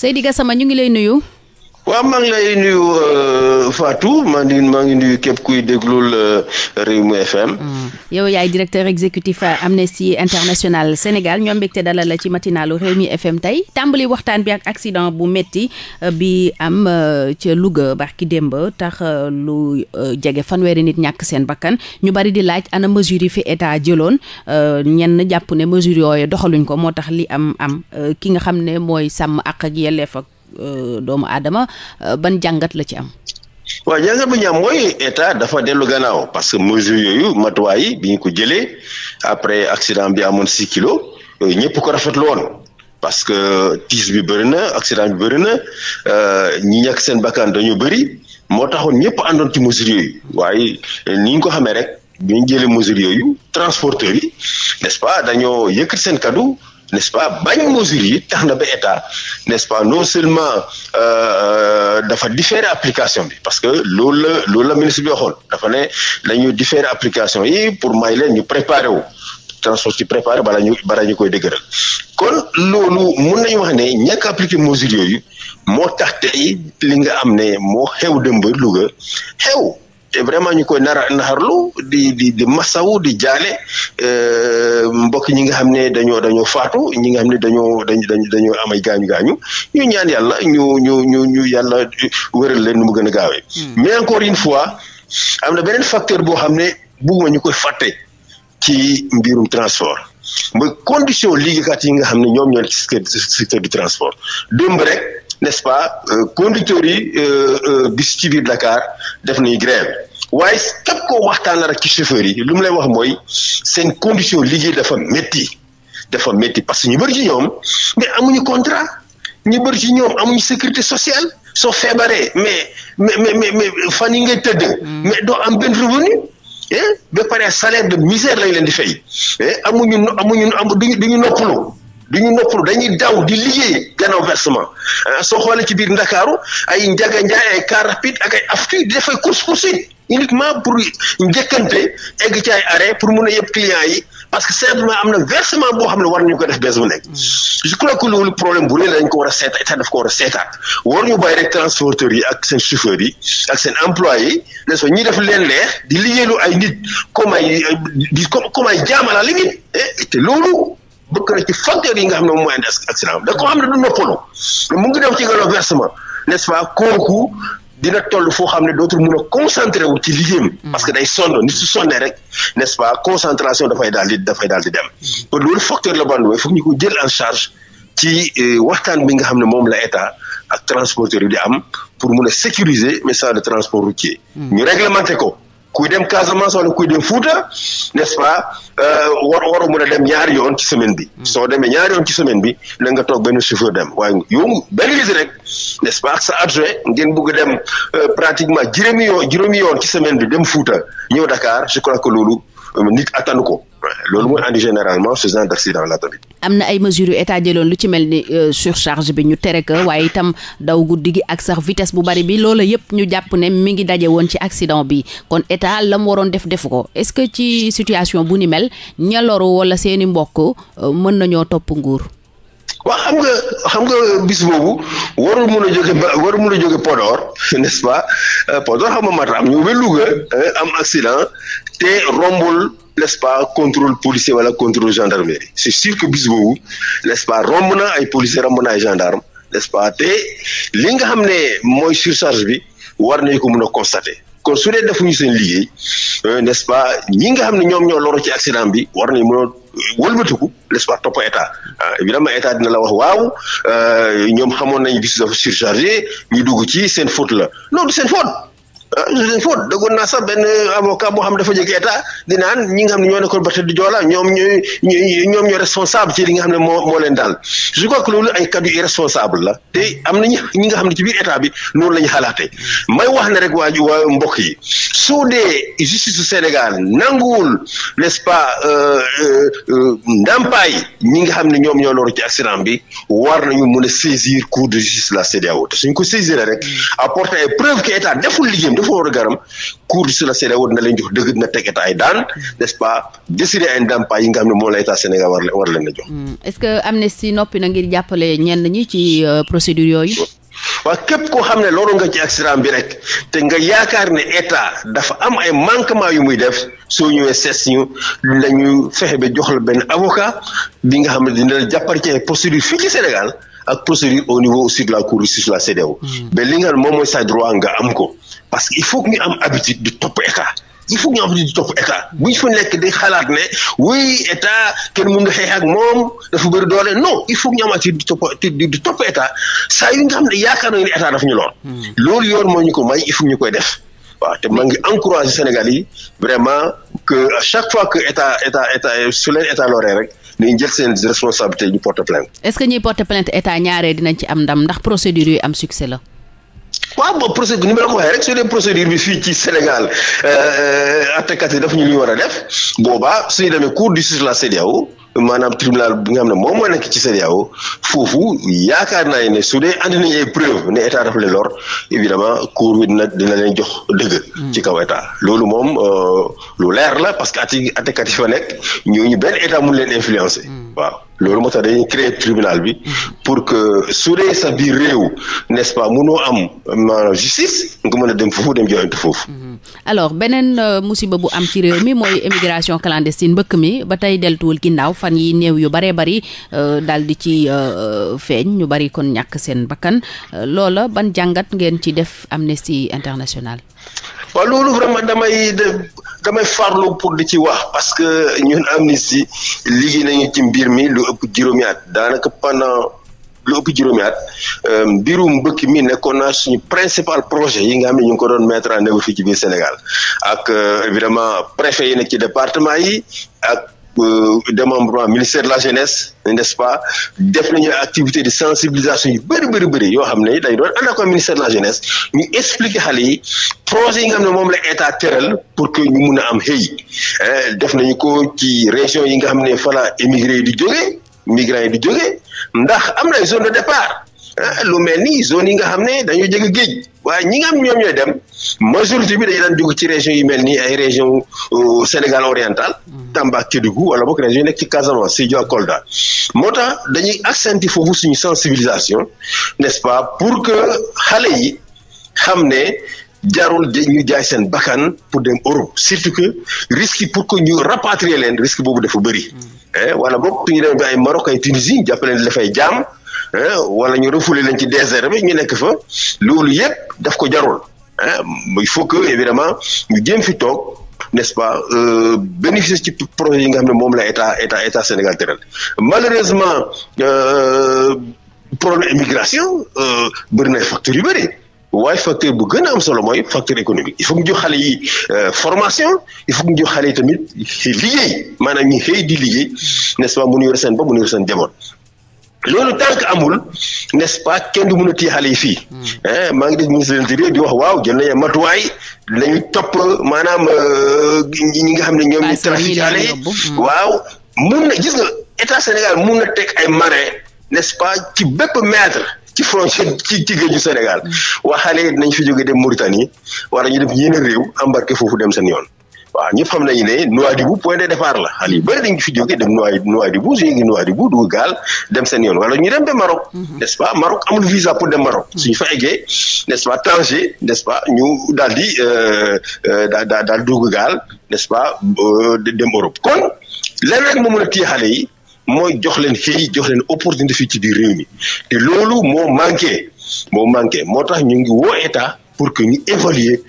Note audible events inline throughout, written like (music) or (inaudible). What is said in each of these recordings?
Seydi Gassama ñu ngi lay nuyu waaw maa ngi lay nuyu euh, Fatou maa ngi maa ngi nuyu képp kuy déglul euh, Rewmi FM. Mm. yow yaay directeur exécutif euh, Amnesty International Sénégal ñoom mbégte dalal la ci matinalu Rewmi FM tey tàmbali waxtaan bi ak accident bu metti bi am ca Louga barki démb tax lu jege fanweeri nit ñàkk seen bakkan ñu bari di laaj ana mesure fi état jëloon ñenn jàpp ne mesure yooyu doxaluñ ko moo tax li am am ki nga xam ne mooy sàmm ak ak yelleef ak Euh, doomu aadama euh, ban jàngat la ci am. waa jàngat bu ñu am mooy état dafa dellu gannaaw parce que mesures yooyu matuwaay yi bi ñu ko jëlee après accident bi amoon six kilo yooyu ñëpp ko rafetlu woon. parce que tiis bi bëri na accident bi bëri na euh, ñi ñàkk seen bakkan dañu bëri moo taxoon ñëpp àndoon ci mesures yooyu waaye ni ñu ko xamee rek bi ñu jëlee mesures yooyu transporteurs yi nest pas dañoo yëkk seen kaddu n'est-ce pas bañ mesures yi tax na ba état nest pas non seulement euh, euh, dafa différé application bi parce que loolu la loolu la ministre bi dafa ne nañu différé application yi pour may leen ñu préparé wu transport ci préparé bala ñu bala ñu koy dëgëral kon loolu mun nañu wax ne ñàkk appliqué mesures yooyu moo tax tey li nga am ne moo xew dëmb Louga xew te vraiment ñu koy nara naxarlu di di di masawu di jaale euh, mbokk ñi nga xam ne dañoo dañoo faatu ñi nga xam ne dañoo dañ dañ dañoo am ay gaañu gaañu ñu ñaan yàlla ñu ñu ñu ñu yàlla wéral leen nu mu gën a gaawee. Hmm. mais encore une fois am na beneen facteur boo xam ne bugguma ñu koy fàtte ci mbirum transport mooy condition liggéeykat yi nga xam ne ñoom ñoo nekk ci secteur du transport démb rek n'est-ce pas euh, conducteurs yi euh, euh, bis ci biir Dakar def nañu grève. waaye képp koo waxtaan rek ci chauffeur yi lu mu lay wax mooy seen condition liggéey dafa métti dafa métti parce que ñu bëri ci ñoom mais amuñu contrat ñi bëri ci ñoom amuñu sécurité sociale soo feebaree mais mais mais mais fan yi ngay tëdd. Mm. mais doo am benn revenu. eh ba pare salaire de misère lañ leen di fay eh amuñu amuñu am duñu duñu noppalu. du ñu noppalu dañuy daw di liggéey gannaaw versement eh, soo xoolee ci biir Ndakaaru ay Ndiaga Ndiaye ay car rapide ak ay aftu di uniquement pour njëkkante egg ci ay arrêt pour mun a yëpp clients yi parce que simplement am na versement boo xam ne war nañu ko def bés bu nekk hmm. je crois que loolu problème bu rëy la dañ ko a seeta état daf ko def eh, na ci facteurs yi nga xam ne moom ko xam ne du noppaloo mu ngi def ci gànnaaw versement nest pas kooku dina toll foo xam ne dootul mun a concentré wu ci liggéeyam. Mm. parce que day sonn nit su sonnee rek n'est-ce pas concentration dafay daal di dafay daal di dem. kon mm. loolu facteur la bande foog ñu ko jël en charge ci euh, waxtaan bi nga xam ne moom la état ak transporteur yi di am pour mun a sécuriser message de transport routier. Mm. ñu réglementé ko. kuy dem Casamance wala kuy dem Fuuta n'est-ce pas euh, war war mën a dem ñaari yoon ci semaine bi. Hmm. soo demee ñaari yoon ci semaine bi na nga toog benn chauffeur dem waaye yow benn nit rek n'est-ce pas ak sa adjoint ngeen bëgg dem euh, pratiquement juróomi yoon yoon ci semaine bi dem Fuuta ñëw Dakar je crois que loolu. nit attanu ko loolu mooy andi généralement ce genre accident la tamit. am na ay mesures yu état jëloon lu ci mel ni euh, surcharge bi ñu tere ko waaye itam daw guddi gi ak sax vitesse bu bari bi loola yëpp ñu jàpp ne mi ngi daje woon ci accident bi kon état la mu waroon def defu ko est ce que ci situation bu ni mel ña loru wala seeni mbokk euh, mën nañoo topp nguur. waaw xam nga xam nga bis boobu warul mun ba waru warul mun jóge Podor (laughs) n'est-ce pas euh, Podor xam nga Matam ñëw ba Louga euh, am accident te rombul n'est-ce pas contrôle policier wala contrôle gendarmerie c'est sûr que bis boobu nest pa romb na ay policier romb na ay gendarme n'est-ce pas te li nga xam ne mooy surcharge bi war nañu ko mun a constater. kon su dee defuñu seen liggéey euh, n'est-ce pas ñi nga xam ne ñoom ñoo loru ci accident bi war nañu mën a wëlbatiku n'est-ce pas topp état euh, évidemment état dina la wax waaw euh, ñoom xamoon nañu bis dafa surchargé ñu dugg ci seen faute la non seen faute. faute ah, dëggoon naa sax benn avocat boo xam dafa jóge état di naan ñi nga xam ne ñoo nekkoon bata di joola ñoom ñooy ñoom ñoo responsable ci li nga xam ne moo moo leen daal je crois que loolu ay kaddu la te am nañu ñi nga xam ne ci biir état bi noonu la ñu xalaatee may wax ne rek waa waa mbokk yi su dee justice du Sénégal nanguwul n'est-ce pas euh, euh, euh, ndàmpaay ñi nga xam ne ñoom ñoo loru ci accident bi war nañu mën a saisir cour de justice la CEDEAO te suñ ko saisir rek mm. apporter ay preuve que état deful liggéeyam defoo war garam cour de la CEDEAO war na leen jox dëgg na teg état yi daan nest pas décider ay ndàmpaay yi nga xam ne moom la état Sénégal war leen a jox. Hmm. est-ce que Amnesty noppi na ngir jàppale ñenn ñi ci euh, procédure yooyu. waaw képp koo xam ne loolu nga ci accident bi rek te nga yaakaar ne état dafa am ay manquement yu muy def soo ñëwee sees ñu lañu fexe ba jox la benn avocat bi nga xam ne dina la jàppale ci ay procédure fii ci Sénégal ak procédure au niveau aussi la cour parce que il faut que ñu am habitude di topp état il faut que ñu am habitude di topp état bu ñu fa nekk di xalaat ne oui état kenn mën na ak moom dafa bëri doole non il faut que ñu am habitude di topp di topp état saa yu nga xam ne yaakaar nañu ne état dafa ñu lor. Hmm. loolu yoon moo ñu ko may il faut ñu koy def. waaw te maa ngi encouragé Sénégal yi vraiment que à chaque fois que état état état su leen état loree rek nañ jël seen responsabilité ñu porte dinañ ci am ndam ndax procédure yi am succès la. waaw boobu procédure ni ma la ko waxee rek su dee procédure bi fii ci Sénégal euh, attakat yi daf ñu lu ñu war a def boobaa suñu demee cour de justice la CEDEAO maanaam tribunal bi nga xam ne moom moo nekk ci CEDEAO foofu yaakaar naa ne su dee andi nañ ay preuve ne état daf leen lor évidemment cour bi dina dina leen jox dëgg. Hmm. ci kaw état loolu moom. Euh, lu leer la parce que ati attekat fa nekk ñooñu benn état mun leen influencer. Hmm. waaw loolu moo tax dañuy créer tribunal bi hmm. pour que su dee sa biir réew n'est-ce pas mënoo am maanaam justice nga mën a dem foofu dem joxante foofu. Hmm. alors beneen euh, musiba bu am ci réew mi mooy immigration clandestine mbëkk mi ba tey deltuwul ginnaaw fan yi néew yu baree bari euh, daal di ci euh, feeñ ñu bari kon ñàkk seen bakkan loola ban jàngat ngeen ci def Amnesty International. waaw loolu vraiment damay farlu pour di ci wax parce que ñun Amnesty liggéey nañu ci mbir mi lu ëpp juróomi at daanaka pendant lu ëpp juróomi at euh, mbirum mbëkk mi nekkoon naa suñu principal projet yi nga xam ne ñu ngi ko doon mettre en œuvre fii ci biir Sénégal ak euh, évidemment préfet yi nekk ci département yi ak. Euh, démembrement ministère de la jeunesse n'est-ce pas def nañu activité de sensibilisation yu bëri bëri bëri yoo xam ne day doon ànd ak ministère de la jeunesse ñu expliquer xale yi projet yi nga xam ne moom la état tëral pour que ñu mun a am e def nañu ko ci région yi nga xam ne fa la émigré yi di jógee migrants yi di jógee ndax am na zone de départ Eh, lu mel ni zone yi nga xam ne dañoo jege géej waaye ñi nga xam ñoom ñooy dem majorité bi dañu daan jóg ci région yi mel ni ay région euh, Sénégal oriental mm. Tamba Kédougou wala boog région yi nekk ci Casamance Sédhiou ak Kolda moo tax dañuy accentuer foofu suñu sensibilisation n'est-ce pas pour que xale yi xam ne jarul ñu jaay seen bakkan pour dem Europe surtout que risque yi pour que ñu rapatrier leen risque boobu dafa bëri. Eh, wala boog su ñu demee ba ay Maroc ay Tunisie jàpp leen dafay jaam eh, wala ñu refoulé leen ci désert ñu nekk fa loolu yëpp def ko jarul eh, il faut que évidemment ñu jéem fi toog. n'est-ce pas euh, bénéficier ci projet yi nga xam ne moom la état état état Sénégal tëral malheureusement euh, problème immigration euh, bëri na ay facteurs yu bëri waaye facteur bu gën a am solo mooy facteur économique il faut que xale yi euh, formation il faut que ñu jox xale yi tamit liggéey maanaam ñu xëy di liggéey n'est-ce pas mënu yor seen bopp mënu yor seen jamono loolu tank amul n'est-ce pas kenn du mën a téye xale yi fii eh, maa ngi def ministre de l'intérieur di wax waaw jël nañu matuwaay lañu topp maanaam euh, ñi nga xam ne ñoom ñu trafiqué xale yi waaw mun na gis état Sénégal mun na teg ay marin n'est-ce pas ci bépp mètre ci frontière ci ci géeju Sénégal waa xale yi dinañ fi jóge dem Mauritanie wala ñu dem yeneen réew embarqué foofu dem seen yoon waaw ñëpp xam nañu ne Nouadhibou point de départ la xale yu bëri dañu fi jóge dem Nouadhibou jóge Nouadhibou dugg gaal dem seen yoon wala ñu dem ba Maroc mhm. n'est-ce pas Maroc amul visa pour dem Maroc mhm. suñu fa eggee n'est-ce pas Tanger n'est-ce pas ñu daal di euh, euh, daal dugg gaal n'est-ce pas euh, dem Europe kon lenn rek moo mën a xale yi mooy jox leen fii jox leen opportunité fii ci biir réew mi te loolu moo manqué moo manqué moo tax ñu ngi woo état pour que ñu évaluer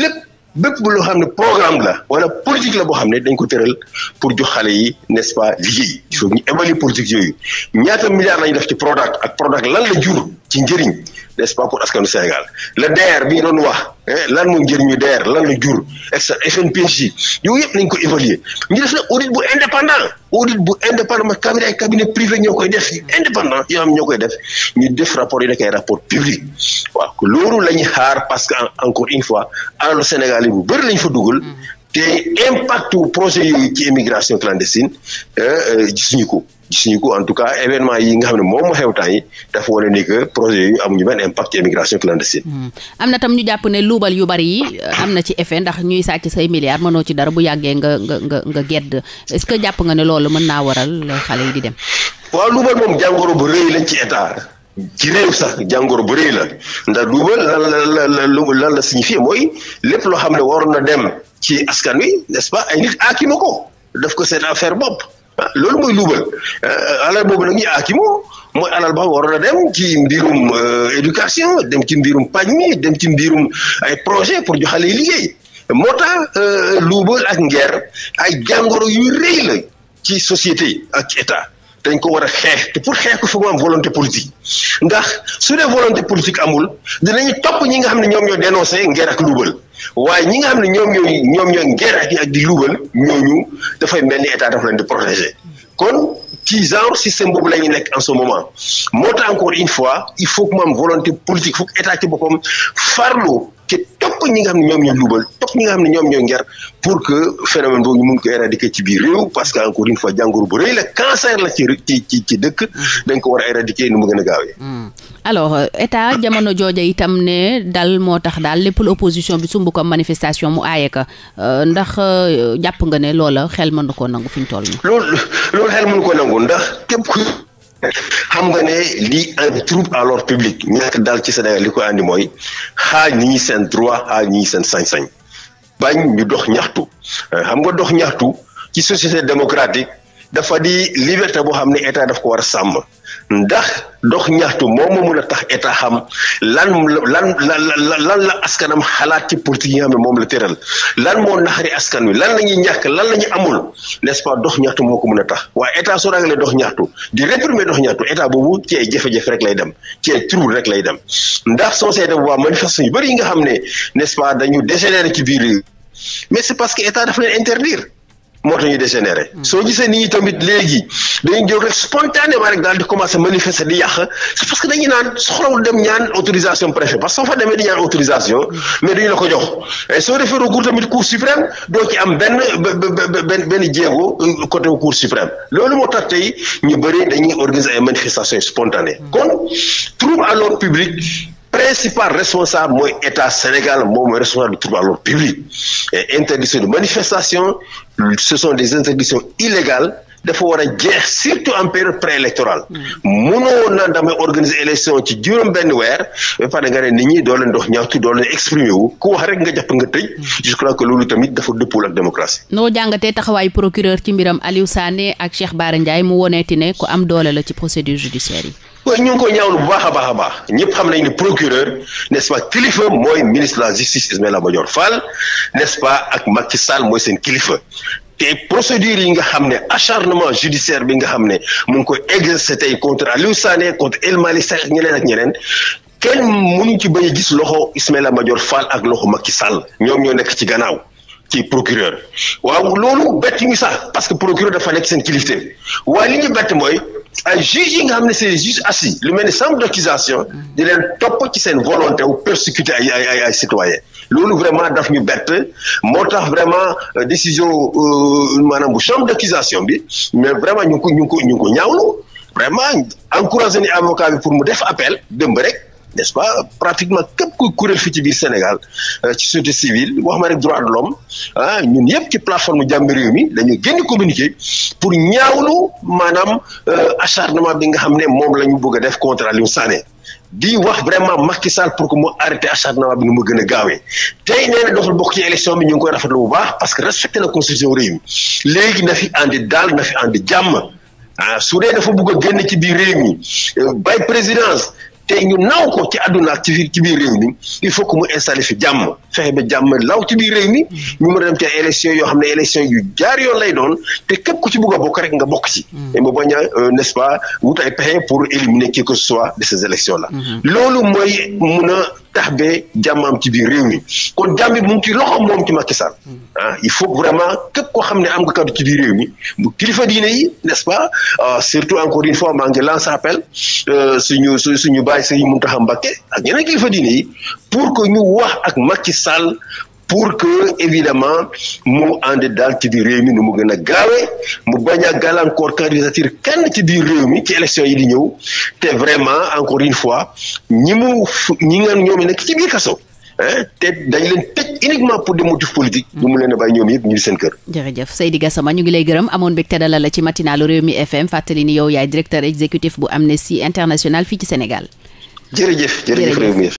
lépp bépp loo xam ne programme la wala politique la boo xam ne dañ ko tëral pour jox xale yi n'est-ce pas liggéey il faut ñu évaluer politique yooyu ñaata milliards lañu def ci Prodac ak Prodac lan la jur ci njëriñ n'est-ce pas pour askanu Sénégal la bi bii doon wax lan moo njëriñu DER lan la jur et FNPJ yooyu yëpp nañ ko évaluer ñu def nag audit bu indépendant audit bu indépendant ma cabinet ay cabinet privé ñoo koy def indépendant yoo xam ñoo koy def ñu def rapport i nekk ay rapport public waaw loolu la ñu xaar parce que encore une fois alal Sénégal yi bu bëri lañ fa dugal te impact wu projet yooyu ci immigration clandestine euh, euh, gisuñu ko gisuñu ko en tout cas événement yi nga xam ne moom moo xew temps yi dafa wane ni que projet yooyu amuñu benn impact immigration clandestine. Hmm. am na tam ñu jàpp ne luubal yu bari yi euh, am na ci effet ndax ñuy sàcc say ma mënoo ci dara bu yàggee nga nga nga nga gedd est-ce que jàpp nga ne loolu mën naa waral xale yi di dem. waaw luubal moom jàngoro bu rëy lañ ci état. ci réew sax jàngoro bu rëy la ndax duuba lan la la lan la signifié mooy lépp loo xam ne waroon na dem ci askan wi n'est-ce pas ay nit aakimu ko def ko seen affaire bopp ah, loolu mooy luubal ah, alal boobu nag ñu aakimoo mooy alal ba waroon a dem ci mbirum euh, éducation dem ci mbirum pañ mi dem ci mbirum ay projet pour ñu xale yi liggéey moo tax euh, luubal ak ngeer ay jàngoro yu rëy la ci société ak état dañ ko war a xeex te pour xeex ko foog mu am volonté politique ndax su dee volonté politique amul dinañu topp ñi nga xam ne ñoom ñoo dénoncé ngeer ak luubal waaye ñi nga xam ne ñoom ñooy ñoom ñooy ngeer ak ak di luubal ñooñu dafay mel ni état dafa leen di protéger kon ci genre système boobu la ñu nekk en ce moment moo tax encore une fois il faut que mu am volonté politique foog état ci boppam farlu. topp ñi nga xam ne ñoom ñooy luubal topp ñi nga xam ne ñoom ñooy nger pour que phénomène boobu ñu mun ko éradiquer ci biir réew parce que encore une fois jàngoro bu la cancer la ci dëkk mm. dañ ko war a éradiquer ni mu gën a gaawee. Mm. alors euh, état jamono jooja itam ne dal moo tax daal lépp lu opposition bi sumb ko manifestation mu aaye ka euh, ndax euh, jàpp nga ne loola xel mën na koo nangu fi ñu toll nii. loolu xel mënu ko nangu ndax xam nga ne lii andi trouble à l'ordre public ñàkk daal ci Sénégal li ko andi mooy xaaj ñi seen droit xaaj ñi seen sañ-sañ bañ ñu dox ñaxtu xam nga dox ñaxtu ci société démocratique. dafa di liberté boo xam ne état daf ko war a sàmm ndax dox ñaxtu moom moo mun a tax état xam lan lan lan lan la askanam xalaat ci politique yi nga xam ne moom la tëral lan moo naxari askan wi lan la ñuy ñàkk lan la ñu amul nest pas dox ñaxtu moo ko mun a tax waaye état soo ragalee dox ñaxtu di réprimer dox ñaxtu état boobu ci ay jafe-jafe rek lay dem ci ay trouble rek lay dem ndax soo seetee bu baax manifestation yu bëri yi nga xam ne n'est-ce pas dañu dégénérer ci biir mais c'est parce que état dafa leen interdire. moo tax ñu dégénéré hmm. soo gisee nit ñi tamit léegi dañuy jóg rek spontanément rek daal di commencé manifester di yàq c'est parce que dañuy naan soxlawul dem ñaan autorisation préfet parce que soo fa demee di ñaan autorisation mais dañu la ko jox soo defee recours tamit cour suprême doo ci am benn benn benn jéego côté cour suprême loolu moo tax tey ñu bëri dañuy organiser ay manifestations spontanées hmm. kon trouble à l'ordre public principal responsable mooy état Sénégal moom mooy responsable du trouble à l'ordre public interdiction de manifestation ce sont des interdictions illégales dafa war a jeex surtout en période préélectorale mënoo na damay organiser élection ci juróom benn weer ba pare nga ne nit ñi doo ndox dox ñaawtu doole leen exprimer ku wax rek nga jàpp nga tëj je crois loolu tamit dafa dëppul ak démocratie noo jàngatee taxawaayu procureur ci mbiram Aliou Sané ak Cheikh Bara Ndiaye mu woneeti ne ku am doole la ci procédure judiciaire yi waaye ñu ngi koy ñaawlu bu baax a baax baax ñëpp xam nañ ne procureur n'est-ce pas kilifa mooy ministre la justice Ismaïla Madior Fall nest ak Macky Sall mooy seen kilifa te procédure yi nga xam ne acharnement judiciaire bi nga xam ne mu ngi koy exercer tey contre Aliou Sané contre El Malick Sarr ñeneen ak ñeneen kenn mënuñ ci bañ a gis loxo Ismaïla Madior Fall ak loxo Macky Sall ñoom ñoo nekk ci gannaaw ci procureur waaw loolu bett ñu sax parce que procureur dafa nekk seen kilifte waaye li ñu bett mooy ay juge yi nga xam ne se juge assis lu mel ni chambre d'accusation di leen topp ci seen volonté wu persécuter ay loolu vraiment daf ñu bett moo tax vraiment euh, décision euh, maanaam bu chambre d'accusation bi mais vraiment ñu ngi ko ñu ngi ko ñu ngi ko ñaawlu vraiment encouragé ni avocat bi pour mu def appel dëmb rek n'est-ce pas pratiquement képp kuy kuréel fii ci biir Sénégal euh, ci société civile wax ma rek droit de l'homme ah ñun yëpp ci plateforme jàmm réew mi dañu génn communiqué pour ñaawlu maanaam acharnement bi nga xam ne moom la ñu bëgg def contre Aliou Sané di wax vraiment max Macky Sall pour que mu arrêté acharnement bi nu mu gën a gaawee tey nee na dootul bokk ci élection bi ñu ngi koy rafetlu bu baax parce que respecté na constitution réew mi léegi na fi andi daal na fi andi jàmm ah su dee dafa bugg a génn ci biir réew mi euh, bay présidence te ñu naw ko ci àdduna ak ci ci biir réew mi il faut que mu installé fi jàmm fexe ba jàmm law ci biir réew mi ñu mën a ci ay élection yoo xam ne élection yu jaar yoon lay doon te képp ku ci bugg bokk rek nga bokk ci mm. et mu bañ a euh, n'est-ce pas wut ay pexe pour éliminer que ce soit de ces élections là mm-hmm. loolu mooy mun a tax ba jàmm am ci biir réew mi kon jàmm mu ngi ci loxo moom ci Macky Sall hmm. ah il faut vraiment képp koo xam ne am ga kaddu ci biir réew mi bu kilifa diine yi n'est-ce pas ah, surtout encore une fois maa ngi lance appel euh, suñu suñu bàyyi Serigne Mountakha Mbacké ak ñeneen kilifa diine yi pour que ñu wax ak Macky Sall pour que évidemment mu ànd daal ci biir réew mi nu mu gën a gaawee mu bañ a gàllankoor candidature kenn ci biir réew mi ci élection yi di ñëw te vraiment encore une fois ñi mu ñi nga ñoom nekk ci biir kaso te dañ leen tëj uniquement pour des motifs politiques. bu mm. mu leen a bàyyi ñoom yëpp ñu ngi seen kër. jërëjëf Seydi Gassama ñu ngi lay gërëm amoon mbégte dalal ci matinalu réew mi FM fàttali ni yow yaay directeur exécutif bu Amnesty International fii ci Sénégal. jërëjëf